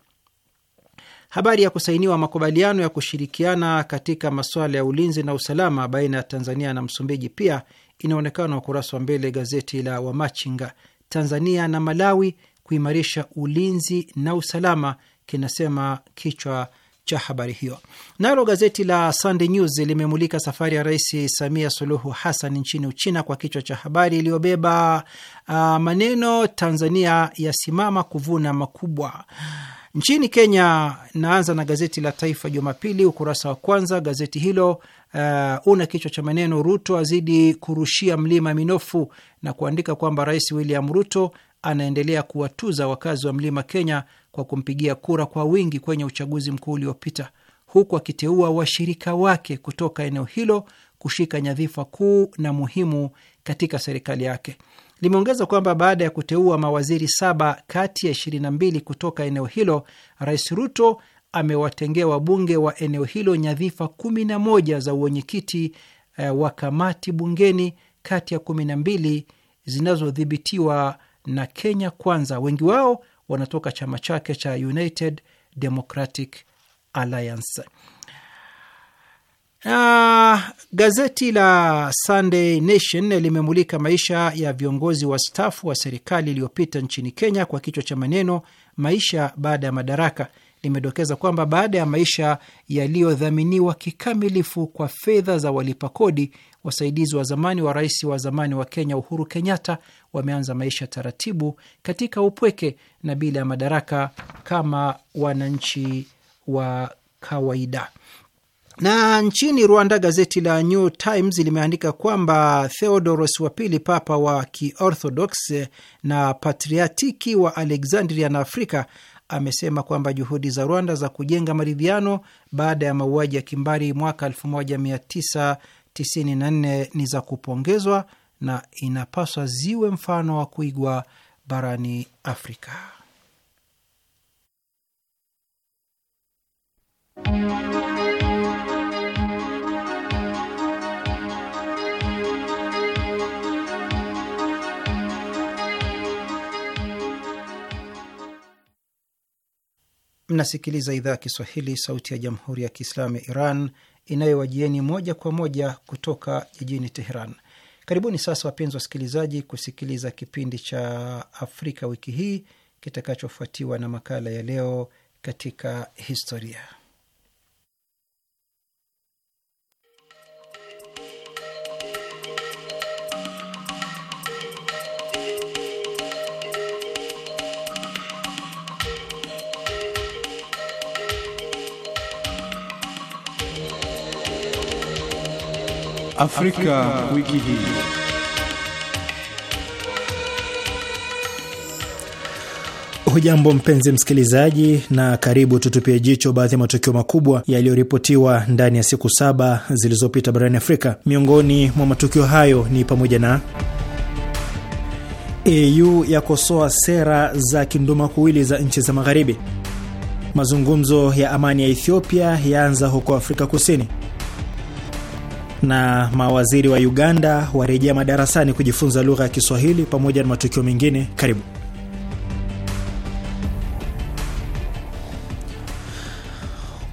Habari ya kusainiwa makubaliano ya kushirikiana katika masuala ya ulinzi na usalama baina ya Tanzania na Msumbiji pia inaonekana ukurasa wa mbele gazeti la Wamachinga Tanzania na Malawi kuimarisha ulinzi na usalama, kinasema kichwa cha habari hiyo. Nalo gazeti la Sunday News limemulika safari ya Rais Samia Suluhu Hassan nchini Uchina kwa kichwa cha habari iliyobeba uh, maneno Tanzania yasimama kuvuna makubwa. Nchini Kenya, naanza na gazeti la Taifa Jumapili, ukurasa wa kwanza. Gazeti hilo uh, una kichwa cha maneno Ruto azidi kurushia mlima minofu na kuandika kwamba Rais William Ruto anaendelea kuwatuza wakazi wa Mlima Kenya kwa kumpigia kura kwa wingi kwenye uchaguzi mkuu uliopita, huku akiteua washirika wake kutoka eneo hilo kushika nyadhifa kuu na muhimu katika serikali yake. Limeongeza kwamba baada ya kuteua mawaziri saba kati ya ishirini na mbili kutoka eneo hilo, Rais Ruto amewatengea wabunge wa eneo hilo nyadhifa kumi na moja za uwenyekiti eh, wa kamati bungeni kati ya kumi na mbili zinazodhibitiwa na Kenya Kwanza, wengi wao wanatoka chama chake cha United Democratic Alliance. Na gazeti la Sunday Nation limemulika maisha ya viongozi wastaafu wa serikali iliyopita nchini Kenya kwa kichwa cha maneno maisha baada ya madaraka. Limedokeza kwamba baada ya maisha yaliyodhaminiwa kikamilifu kwa fedha za walipa kodi, wasaidizi wa zamani wa rais wa zamani wa Kenya Uhuru Kenyatta wameanza maisha taratibu katika upweke na bila ya madaraka kama wananchi wa kawaida. Na nchini Rwanda, gazeti la New Times limeandika kwamba Theodoros wa pili, papa wa Kiorthodox na patriatiki wa Alexandria na Afrika, amesema kwamba juhudi za Rwanda za kujenga maridhiano baada ya mauaji ya kimbari mwaka 19 94 ni za kupongezwa na inapaswa ziwe mfano wa kuigwa barani Afrika. Mnasikiliza idhaa ya Kiswahili, sauti ya jamhuri ya kiislamu ya Iran inayowajieni moja kwa moja kutoka jijini Teheran. Karibuni sasa, wapenzi wasikilizaji, kusikiliza kipindi cha Afrika wiki hii kitakachofuatiwa na makala ya leo katika historia. Afrika, Afrika wiki hii. Hujambo mpenzi msikilizaji, na karibu tutupie jicho baadhi ya matukio makubwa yaliyoripotiwa ndani ya siku saba zilizopita barani Afrika. Miongoni mwa matukio hayo ni pamoja na AU yakosoa sera za kindumakuwili za nchi za Magharibi, mazungumzo ya amani ya Ethiopia yaanza huko Afrika Kusini, na mawaziri wa Uganda warejea madarasani kujifunza lugha ya Kiswahili pamoja na matukio mengine. Karibu.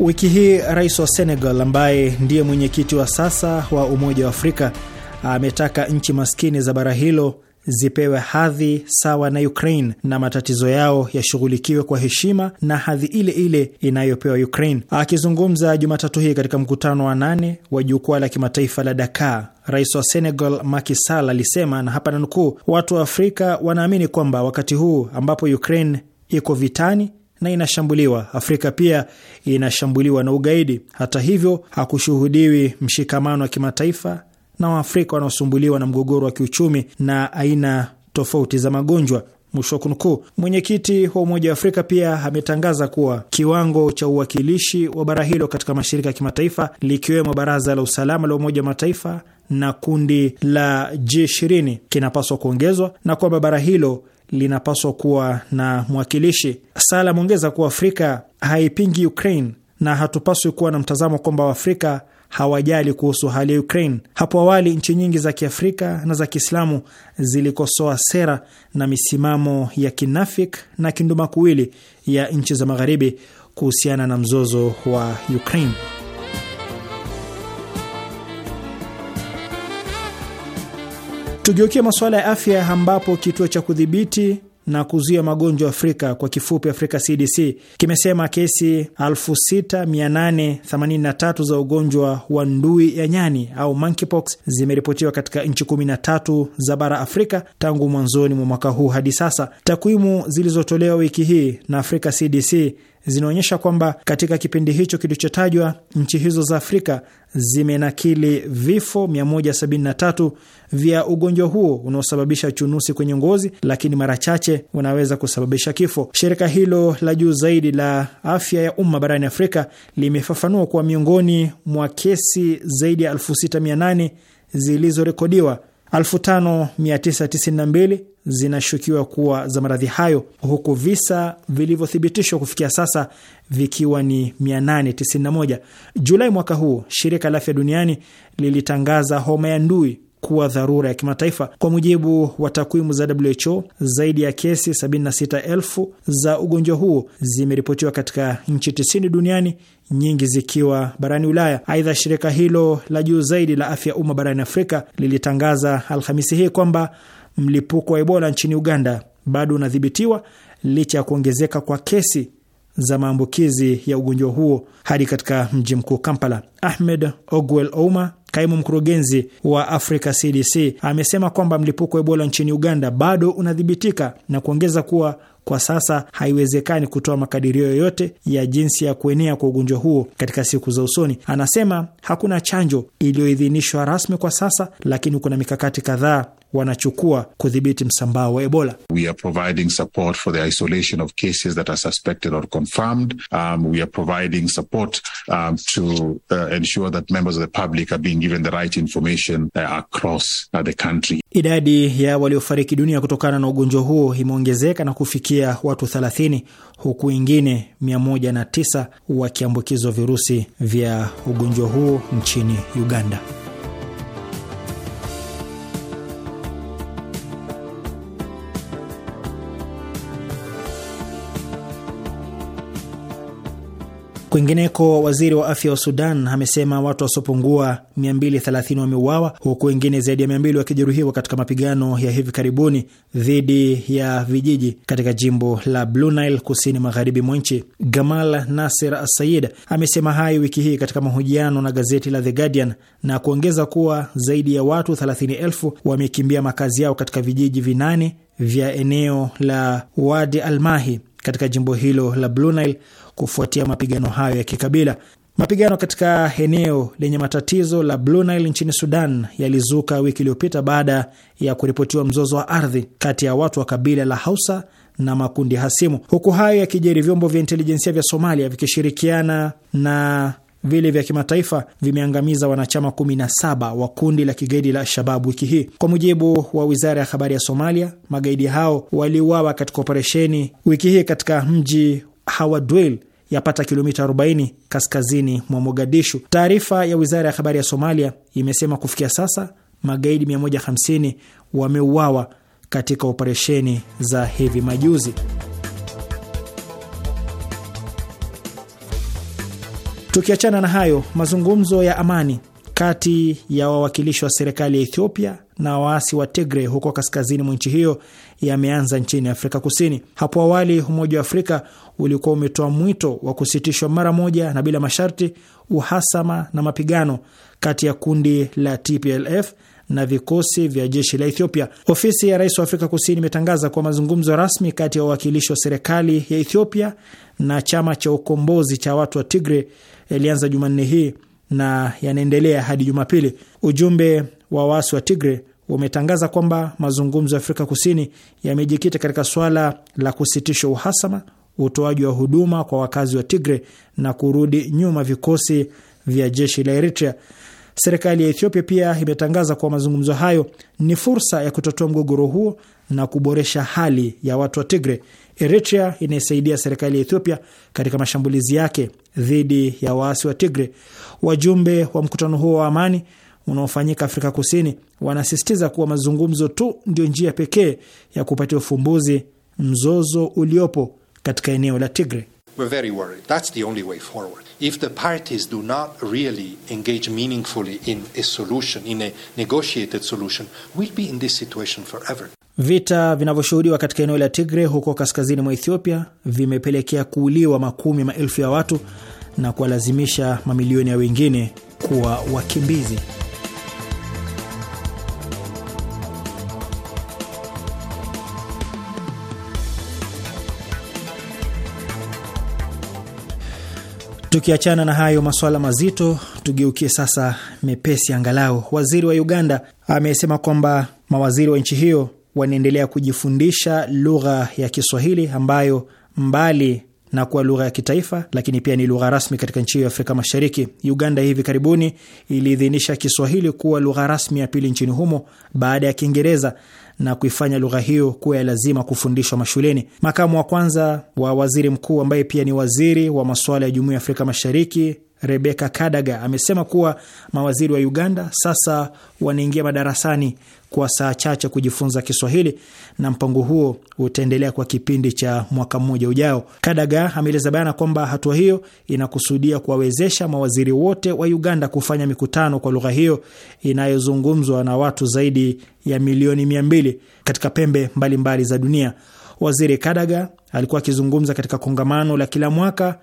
Wiki hii rais wa Senegal ambaye ndiye mwenyekiti wa sasa wa Umoja wa Afrika ametaka nchi maskini za bara hilo zipewe hadhi sawa na Ukraine na matatizo yao yashughulikiwe kwa heshima na hadhi ile ile inayopewa Ukraine. Akizungumza Jumatatu hii katika mkutano wa nane wa jukwaa la kimataifa la Dakar, Rais wa Senegal Macky Sall alisema, na hapa nanukuu, watu wa Afrika wanaamini kwamba wakati huu ambapo Ukraine iko vitani na inashambuliwa, Afrika pia inashambuliwa na ugaidi. Hata hivyo, hakushuhudiwi mshikamano wa kimataifa na Waafrika wanaosumbuliwa na mgogoro wa kiuchumi na aina tofauti za magonjwa. Mwisho wa kunukuu. Mwenyekiti wa Umoja wa Afrika pia ametangaza kuwa kiwango cha uwakilishi wa bara hilo katika mashirika ya kimataifa likiwemo Baraza la Usalama la Umoja wa Mataifa na kundi la G20 kinapaswa kuongezwa na kwamba bara hilo linapaswa kuwa na mwakilishi. Sala ameongeza kuwa Afrika haipingi Ukraine na hatupaswi kuwa na mtazamo kwamba Waafrika hawajali kuhusu hali ya Ukraine. Hapo awali nchi nyingi za Kiafrika na za Kiislamu zilikosoa sera na misimamo ya kinafik na kindumakuwili ya nchi za Magharibi kuhusiana na mzozo wa Ukraine. Tugeukie masuala ya afya, ambapo kituo cha kudhibiti na kuzuia magonjwa Afrika, kwa kifupi Afrika CDC, kimesema kesi 6883 za ugonjwa wa ndui ya nyani au monkeypox zimeripotiwa katika nchi 13 za bara Afrika tangu mwanzoni mwa mwaka huu hadi sasa. Takwimu zilizotolewa wiki hii na Afrika CDC zinaonyesha kwamba katika kipindi hicho kilichotajwa nchi hizo za Afrika zimenakili vifo 173 vya ugonjwa huo unaosababisha chunusi kwenye ngozi, lakini mara chache unaweza kusababisha kifo. Shirika hilo la juu zaidi la afya ya umma barani Afrika limefafanua kuwa miongoni mwa kesi zaidi ya 6800 zilizorekodiwa 5992 zinashukiwa kuwa za maradhi hayo huku visa vilivyothibitishwa kufikia sasa vikiwa ni 891. Julai mwaka huu shirika la afya duniani lilitangaza homa ya ndui kuwa dharura ya kimataifa. Kwa mujibu wa takwimu za WHO, zaidi ya kesi 76,000 za ugonjwa huo zimeripotiwa katika nchi 90 duniani, nyingi zikiwa barani Ulaya. Aidha, shirika hilo la juu zaidi la afya ya umma barani Afrika lilitangaza Alhamisi hii kwamba mlipuko wa Ebola nchini Uganda bado unadhibitiwa licha ya kuongezeka kwa kesi za maambukizi ya ugonjwa huo hadi katika mji mkuu Kampala. Ahmed Ogwel Ouma Kaimu mkurugenzi wa Africa CDC amesema kwamba mlipuko wa Ebola nchini Uganda bado unadhibitika na kuongeza kuwa kwa sasa haiwezekani kutoa makadirio yoyote ya jinsi ya kuenea kwa ugonjwa huo katika siku za usoni. Anasema hakuna chanjo iliyoidhinishwa rasmi kwa sasa, lakini kuna mikakati kadhaa wanachukua kudhibiti msambao wa Ebola. We are providing support for the isolation of cases that are suspected or confirmed. Um, we are providing support um, to uh, ensure that members of the public are being given the right information uh, across uh, the country. Idadi ya waliofariki dunia kutokana na ugonjwa huo imeongezeka na kufikia watu 30 huku wengine 109 wakiambukizwa virusi vya ugonjwa huo nchini Uganda. Kwingineko, waziri wa afya wa Sudan amesema watu wasiopungua 230 wameuawa huku wengine zaidi ya 200 wakijeruhiwa katika mapigano ya hivi karibuni dhidi ya vijiji katika jimbo la Blue Nile kusini magharibi mwa nchi. Gamal Nasir Assayid amesema hayo wiki hii katika mahojiano na gazeti la The Guardian na kuongeza kuwa zaidi ya watu 30,000 wamekimbia makazi yao katika vijiji vinane vya eneo la Wadi Almahi katika jimbo hilo la Blue Nile kufuatia mapigano hayo ya kikabila. Mapigano katika eneo lenye matatizo la Blue Nile nchini Sudan yalizuka wiki iliyopita baada ya kuripotiwa mzozo wa ardhi kati ya watu wa kabila la Hausa na makundi hasimu. Huku hayo yakijiri, vyombo vya intelijensia vya Somalia vikishirikiana na vile vya kimataifa vimeangamiza wanachama 17 wa kundi la kigaidi la al shabab wiki hii, kwa mujibu wa wizara ya habari ya Somalia. Magaidi hao waliuawa katika operesheni wiki hii katika mji Hawadwel yapata kilomita 40 kaskazini mwa Mogadishu. Taarifa ya wizara ya habari ya Somalia imesema kufikia sasa magaidi 150 wameuawa katika operesheni za hivi majuzi. Tukiachana na hayo, mazungumzo ya amani kati ya wawakilishi wa serikali ya Ethiopia na waasi wa Tigre huko kaskazini mwa nchi hiyo yameanza nchini Afrika Kusini. Hapo awali Umoja wa Afrika ulikuwa umetoa mwito wa kusitishwa mara moja na bila masharti uhasama na mapigano kati ya kundi la TPLF na vikosi vya jeshi la Ethiopia. Ofisi ya rais wa Afrika Kusini imetangaza kwa mazungumzo rasmi kati ya wawakilishi wa serikali ya Ethiopia na chama cha ukombozi cha watu wa Tigre yalianza Jumanne hii na yanaendelea hadi Jumapili. Ujumbe wa waasi wa Tigre umetangaza kwamba mazungumzo ya Afrika Kusini yamejikita katika swala la kusitisha uhasama, utoaji wa huduma kwa wakazi wa Tigre na kurudi nyuma vikosi vya jeshi la Eritrea. Serikali ya Ethiopia pia imetangaza kuwa mazungumzo hayo ni fursa ya kutatua mgogoro huo na kuboresha hali ya watu wa Tigre. Eritrea inaisaidia serikali ya Ethiopia katika mashambulizi yake dhidi ya waasi wa Tigre. Wajumbe wa mkutano huo wa amani unaofanyika Afrika Kusini wanasisitiza kuwa mazungumzo tu ndio njia pekee ya kupatia ufumbuzi mzozo uliopo katika eneo la tigre Vita vinavyoshuhudiwa katika eneo la tigre huko kaskazini mwa Ethiopia vimepelekea kuuliwa makumi maelfu ya watu na kuwalazimisha mamilioni ya wengine kuwa wakimbizi. Tukiachana na hayo masuala mazito, tugeukie sasa mepesi angalau. Waziri wa Uganda amesema kwamba mawaziri wa nchi hiyo wanaendelea kujifundisha lugha ya Kiswahili ambayo mbali na kuwa lugha ya kitaifa lakini pia ni lugha rasmi katika nchi hiyo ya Afrika Mashariki. Uganda hivi karibuni iliidhinisha Kiswahili kuwa lugha rasmi ya pili nchini humo baada ya Kiingereza, na kuifanya lugha hiyo kuwa ya lazima kufundishwa mashuleni. Makamu wa kwanza wa waziri mkuu ambaye pia ni waziri wa masuala ya Jumuiya ya Afrika Mashariki Rebeka Kadaga amesema kuwa mawaziri wa Uganda sasa wanaingia madarasani kwa saa chache kujifunza Kiswahili na mpango huo utaendelea kwa kipindi cha mwaka mmoja ujao. Kadaga ameeleza bayana kwamba hatua hiyo inakusudia kuwawezesha mawaziri wote wa Uganda kufanya mikutano kwa lugha hiyo inayozungumzwa na watu zaidi ya milioni mia mbili katika pembe mbalimbali mbali za dunia. Waziri Kadaga alikuwa akizungumza katika kongamano la kila mwaka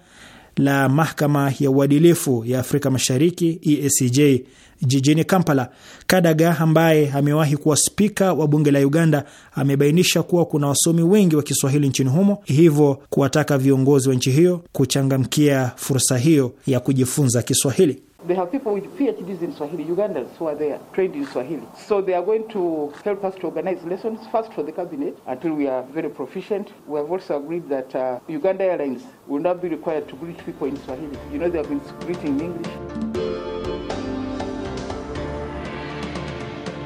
la mahakama ya uadilifu ya Afrika Mashariki EACJ jijini Kampala. Kadaga ambaye amewahi kuwa spika wa bunge la Uganda amebainisha kuwa kuna wasomi wengi wa Kiswahili nchini humo, hivyo kuwataka viongozi wa nchi hiyo kuchangamkia fursa hiyo ya kujifunza Kiswahili. They have people with PhDs in Swahili, Ugandans who are there, trained in Swahili. So they are going to help us to organize lessons first for the cabinet until we are very proficient. We have also agreed that uh, Uganda Airlines will not be required to greet people in Swahili. You know, they have been greeting in English.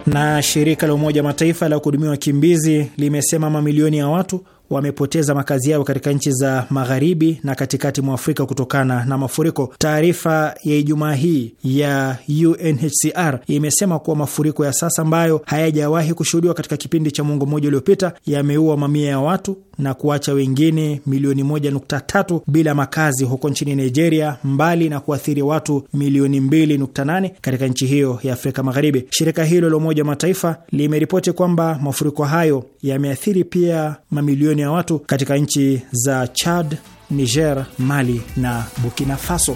Na shirika la Umoja Mataifa la kuhudumia wakimbizi limesema mamilioni ya watu wamepoteza makazi yao katika nchi za magharibi na katikati mwa Afrika kutokana na mafuriko. Taarifa ya Ijumaa hii ya UNHCR imesema kuwa mafuriko ya sasa ambayo hayajawahi kushuhudiwa katika kipindi cha mwongo mmoja uliopita yameua mamia ya watu na kuacha wengine milioni 1.3 bila makazi huko nchini Nigeria, mbali na kuathiri watu milioni 2.8 katika nchi hiyo ya Afrika Magharibi. Shirika hilo la Umoja wa Mataifa limeripoti kwamba mafuriko hayo yameathiri pia mamilioni mamilioni ya watu katika nchi za Chad, Niger, Mali na Burkina Faso.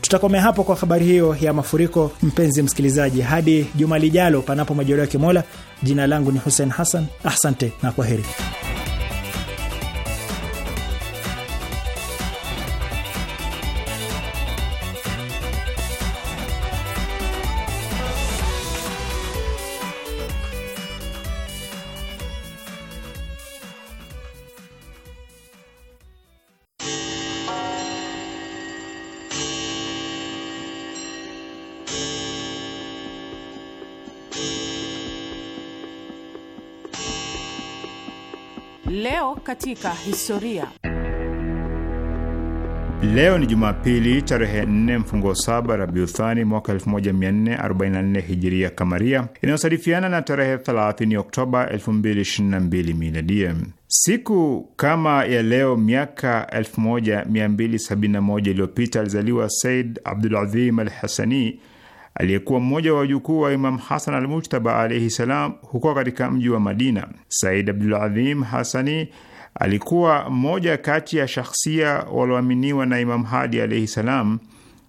Tutakomea hapo kwa habari hiyo ya mafuriko, mpenzi msikilizaji, hadi juma lijalo, panapo majoleo ya Kimola. Jina langu ni Hussein Hassan, asante na kwa heri. katika historia. Leo ni Jumapili tarehe 4 mfungo saba Rabiuthani mwaka 1444 hijiria kamaria inayosadifiana na tarehe 30 Oktoba 2022 miladia. Siku kama ya leo miaka 1271 iliyopita alizaliwa Said Abdulazim al Hasani aliyekuwa mmoja wa wajukuu wa Imam Hasan al Mujtaba alaihi salam huko katika mji wa Madina. Said Abdulazim Hasani alikuwa mmoja kati ya shakhsia walioaminiwa na Imam Hadi alaihi salam,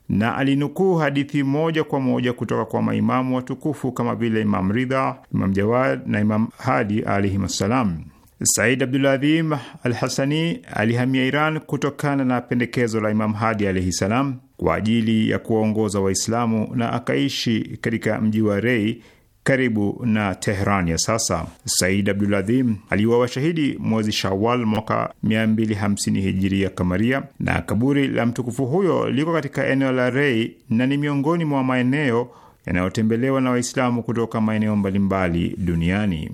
na alinukuu hadithi moja kwa moja kutoka kwa maimamu watukufu kama vile Imam Ridha, Imam Jawad na Imam Hadi alaihim assalam. Said Abduladhim Al Hasani alihamia Iran kutokana na pendekezo la Imam Hadi alaihi salam kwa ajili ya kuwaongoza Waislamu na akaishi katika mji wa Rei karibu na Tehran ya sasa. Said Abduladhim aliwa washahidi mwezi Shawal mwaka 250 hijiria kamaria, na kaburi la mtukufu huyo liko katika eneo la Rei na ni miongoni mwa maeneo yanayotembelewa na Waislamu kutoka maeneo mbalimbali duniani.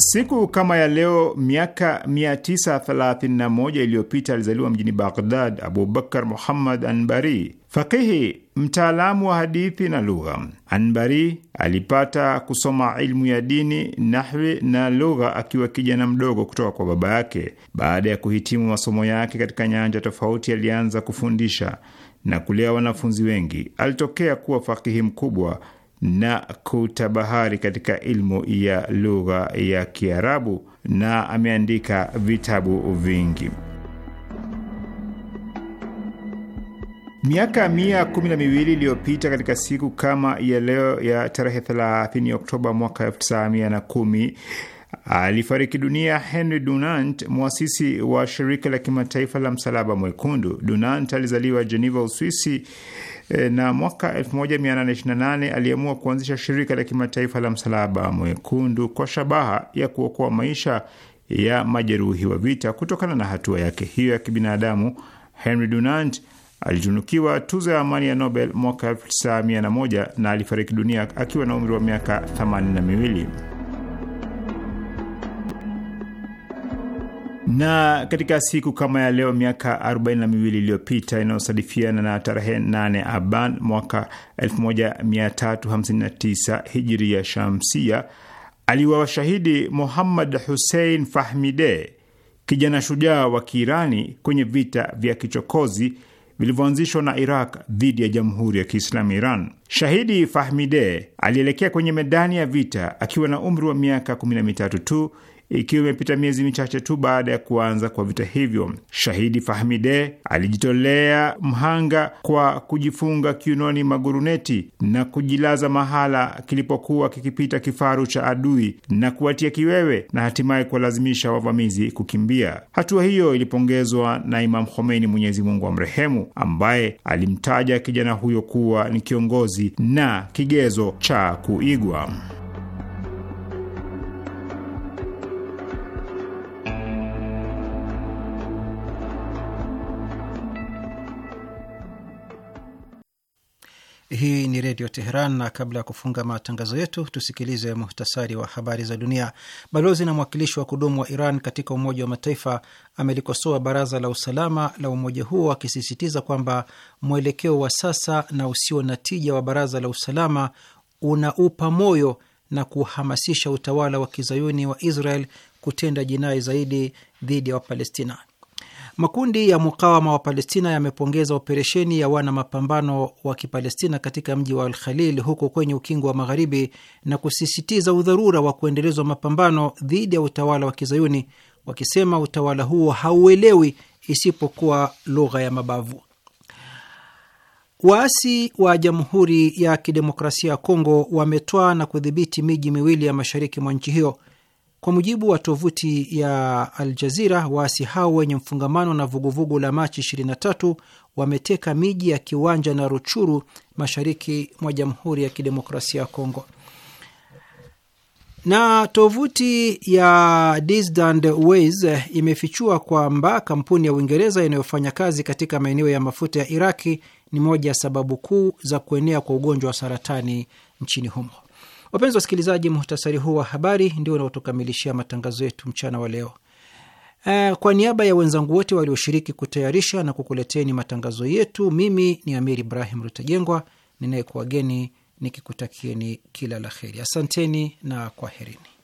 Siku kama ya leo miaka 931 iliyopita alizaliwa mjini Baghdad Abubakar Muhammad Anbari, fakihi mtaalamu wa hadithi na lugha. Anbari alipata kusoma ilmu ya dini, nahwi na lugha akiwa kijana mdogo kutoka kwa baba yake. Baada ya kuhitimu masomo yake katika nyanja tofauti, alianza kufundisha na kulea wanafunzi wengi. Alitokea kuwa fakihi mkubwa na kutabahari katika ilmu ya lugha ya Kiarabu na ameandika vitabu vingi. Miaka mia kumi na miwili iliyopita katika siku kama ya leo ya tarehe 30 Oktoba mwaka 1910 alifariki dunia Henry Dunant, mwasisi wa shirika la kimataifa la msalaba mwekundu. Dunant alizaliwa Geneva, Uswisi Eh, na mwaka 1828 aliamua kuanzisha shirika la kimataifa la Msalaba Mwekundu kwa shabaha ya kuokoa maisha ya majeruhi wa vita. Kutokana na hatua yake hiyo ya kibinadamu, Henry Dunant alitunukiwa tuzo ya amani ya Nobel mwaka 1901 na alifariki dunia akiwa na umri wa miaka 82. Na katika siku kama ya leo miaka arobaini miwili iliyopita inayosadifiana na tarehe 8 Aban mwaka 1359 ya Shamsia aliwa washahidi Muhammad Hussein Fahmide, kijana shujaa wa Kiirani kwenye vita vya kichokozi vilivyoanzishwa na Iraq dhidi ya Jamhuri ya Kiislamu Iran. Shahidi Fahmide alielekea kwenye medani ya vita akiwa na umri wa miaka 13 mitatu tu ikiwa imepita miezi michache tu baada ya kuanza kwa vita hivyo. Shahidi Fahmide alijitolea mhanga kwa kujifunga kiunoni maguruneti na kujilaza mahala kilipokuwa kikipita kifaru cha adui na kuwatia kiwewe na hatimaye kuwalazimisha wavamizi kukimbia. Hatua hiyo ilipongezwa na Imam Khomeini, Mwenyezi Mungu mrehemu ambaye alimtaja kijana huyo kuwa ni kiongozi na kigezo cha kuigwa. Hii ni Redio Teheran, na kabla ya kufunga matangazo yetu tusikilize muhtasari wa habari za dunia. Balozi na mwakilishi wa kudumu wa Iran katika Umoja wa Mataifa amelikosoa Baraza la Usalama la umoja huo akisisitiza kwamba mwelekeo wa sasa na usio na tija wa Baraza la Usalama unaupa moyo na kuhamasisha utawala wa kizayuni wa Israel kutenda jinai zaidi dhidi ya Wapalestina. Makundi ya mukawama wa Palestina yamepongeza operesheni ya wana mapambano wa Kipalestina katika mji wa Al-Khalil huko kwenye ukingo wa Magharibi na kusisitiza udharura wa kuendelezwa mapambano dhidi ya utawala wa Kizayuni, wakisema utawala huo hauelewi isipokuwa lugha ya mabavu. Waasi wa Jamhuri ya Kidemokrasia ya Kongo wametwaa na kudhibiti miji miwili ya mashariki mwa nchi hiyo kwa mujibu wa tovuti ya Aljazira, waasi hao wenye mfungamano na vuguvugu la Machi 23 wameteka miji ya Kiwanja na Ruchuru mashariki mwa Jamhuri ya Kidemokrasia ya Kongo. Na tovuti ya Distant Ways eh, imefichua kwamba kampuni ya Uingereza inayofanya kazi katika maeneo ya mafuta ya Iraki ni moja ya sababu kuu za kuenea kwa ugonjwa wa saratani nchini humo. Wapenzi wasikilizaji, muhtasari huu wa habari ndio unaotukamilishia matangazo yetu mchana wa leo. Eh, kwa niaba ya wenzangu wote walioshiriki kutayarisha na kukuleteni matangazo yetu, mimi ni Amir Ibrahim Rutajengwa ninayekuwageni nikikutakieni kila la heri. Asanteni na kwaherini.